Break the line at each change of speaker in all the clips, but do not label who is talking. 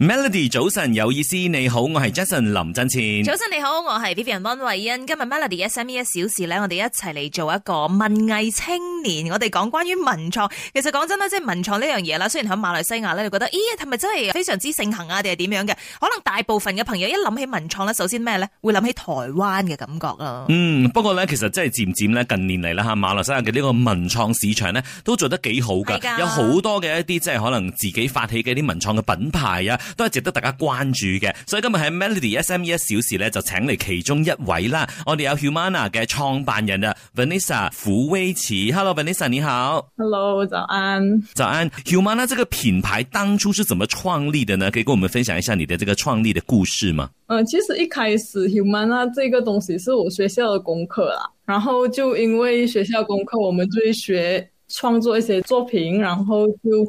Melody 早晨有意思，你好，我係 Jason 林振前。早
晨你好，我係 Vivian 溫慧欣。今日 Melody S M E 一小時咧，我哋一齊嚟做一個文藝青年。我哋講關於文創，其實講真啦，即係文創呢樣嘢啦。雖然喺馬來西亞咧，你覺得，咦，係咪真係非常之盛行啊？定係點樣嘅？可能大部分嘅朋友一諗起文創咧，首先咩咧，會諗起台灣嘅感覺咯。嗯，
不過咧，其實真係漸漸咧，近年嚟啦吓，馬來西亞嘅呢個文創市場咧，都做得幾好噶，的有好多嘅一啲即係可能自己發起嘅一啲文創嘅品牌啊。都係值得大家關注嘅，所以今日喺 Melody SME 一小時咧就請嚟其中一位啦。我哋有 Humana 嘅創辦人啊，Vanessa 福威奇。Hello，Vanessa 你好。Hello，早安。早安。Humana 這個品牌當初是怎麼創立的呢？可以跟我們分享一下你的這個創立的故事嗎？嗯、
呃，其實一開始 Humana 這個東西是我學校的功課啦，然後就因為學校的功課，我們就學創作一些作品，然後就。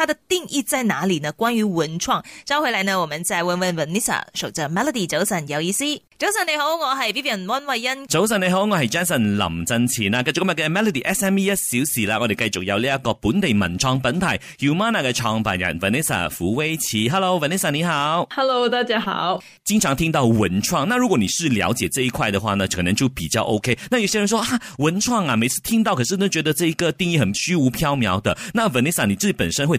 它的定義在哪裏呢？關於文創，招回來呢，我們再問問 Vanessa，守着 Melody，早晨有意思。早晨你好，我係 Vivian 溫慧欣。
早晨你好，我係 Jason 林振前啊。繼續今日嘅 Melody SME 一小時啦，我哋繼續有呢一個本地文創品牌 Umana 嘅創辦人 Vanessa 傅威奇。Hello，Vanessa 你好。Hello，大家好。經常聽到文創，那如果你是了解這一塊的話呢，可能就比較 OK。那有些人說啊，文創啊，每次聽到可是都覺得這一個定義很虛無縹緲的。那 Vanessa 你自己本身會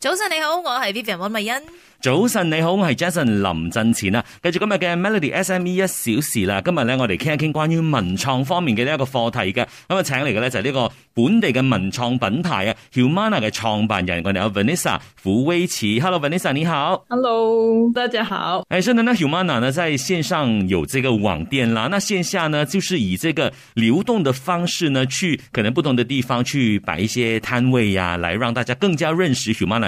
早晨你好，我係 Vivian 温美欣。
早晨你好，我係 Jason 林振前啊。繼續今日嘅 Melody S M E 一小時啦。今日咧我哋傾一傾關於文創方面嘅呢一個課題嘅。咁、嗯、啊，請嚟嘅咧就係、是、呢個本地嘅文創品牌啊 Humana 嘅創辦人我哋有 Vanessa 傅威慈 Hello Vanessa 你好。
Hello 大家好。
誒、哎，是啊，呢 Humana 呢在線上有這個網店啦，那線下呢就是以這個流動的方式呢去可能不同的地方去擺一些攤位啊，來讓大家更加認識 Humana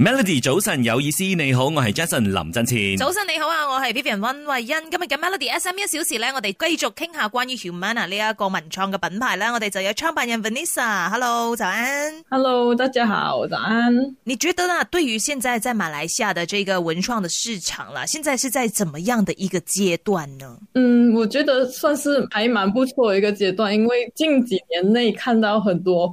Melody 早晨，有意思，你好，我是 Jason 林振前。早
晨你好啊，我是 Vivian 溫慧欣。今日嘅 Melody SME 一小時咧，我哋繼續傾下關於 Humana 呢一個文創嘅品牌啦。我哋就有創辦人 Vanessa，Hello，早安，Hello，大家好，早安。你覺得啊，對於現在在馬來西亞的這個文創的市場啦，現在是在怎麼樣的一個階段呢？嗯，
我覺得算是還蠻不錯一個階段，因為近幾年內看到很多。